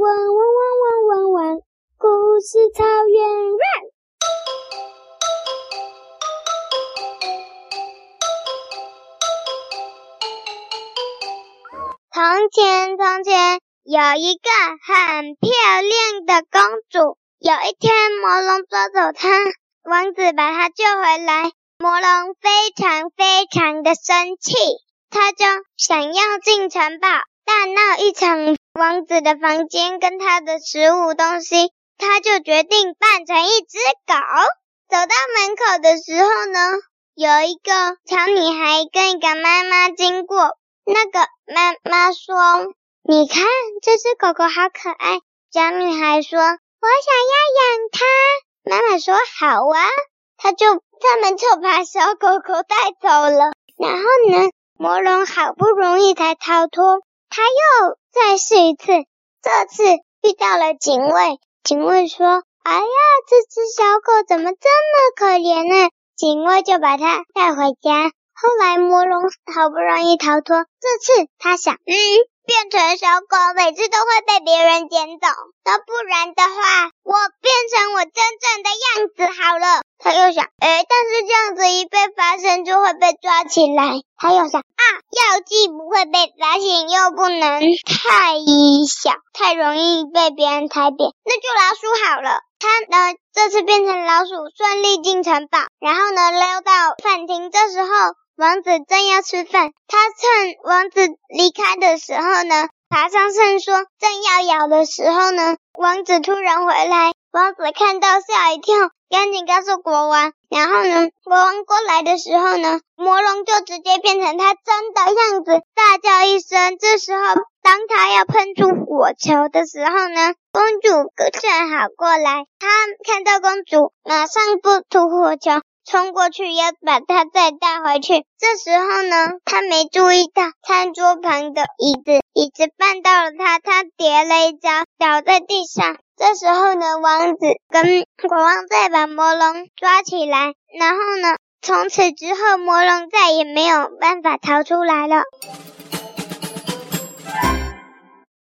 汪汪汪汪汪汪！故事草原 r 從前，從前有一個很漂亮的公主。有一天，魔龍捉走她，王子把她救回來。魔龍非常非常的生氣，他就想要進城堡，大鬧一場。王子的房間跟他的食物東西，他就決定扮成一隻狗。走到門口的時候呢，有一個小女孩跟一個媽媽經過。那個媽媽說：“你看這只狗狗好可愛。”小女孩說：“我想要養它。”媽媽說：“好啊。”他就他們就把小狗狗帶走了。然後呢，魔龍好不容易才逃脫。他又再試一次，這次遇到了警衛。警衛說：“哎呀，這只小狗怎麼這麼可憐呢？”警衛就把它帶回家。後來魔龍好不容易逃脫，這次他想：“嗯。”變成小狗，每次都會被別人撿走。那不然的話，我變成我真正的樣子好了。他又想，哎，但是這樣子一被發現就會被抓起來。他又想，啊，藥劑不會被發現，又不能、嗯、太小，太容易被別人踩扁。那就老鼠好了。他呢，這次變成老鼠，順利進城堡，然後呢，溜到飯廳。這時候。王子正要吃飯，他趁王子離開的時候呢，爬上秤說，正要咬的時候呢，王子突然回來，王子看到嚇一跳，趕緊告訴國王，然後呢，國王過來的時候呢，魔龍就直接變成他真的樣子，大叫一聲，這時候當他要噴出火球的時候呢，公主正好過來，他看到公主，馬上不吐火球。衝過去要把他再帶回去。這時候呢，他沒注意到餐桌旁的椅子，椅子絆到了他，他跌了一跤，倒在地上。這時候呢，王子跟國王再把魔龍抓起來，然後呢，從此之後魔龍再也沒有辦法逃出來了。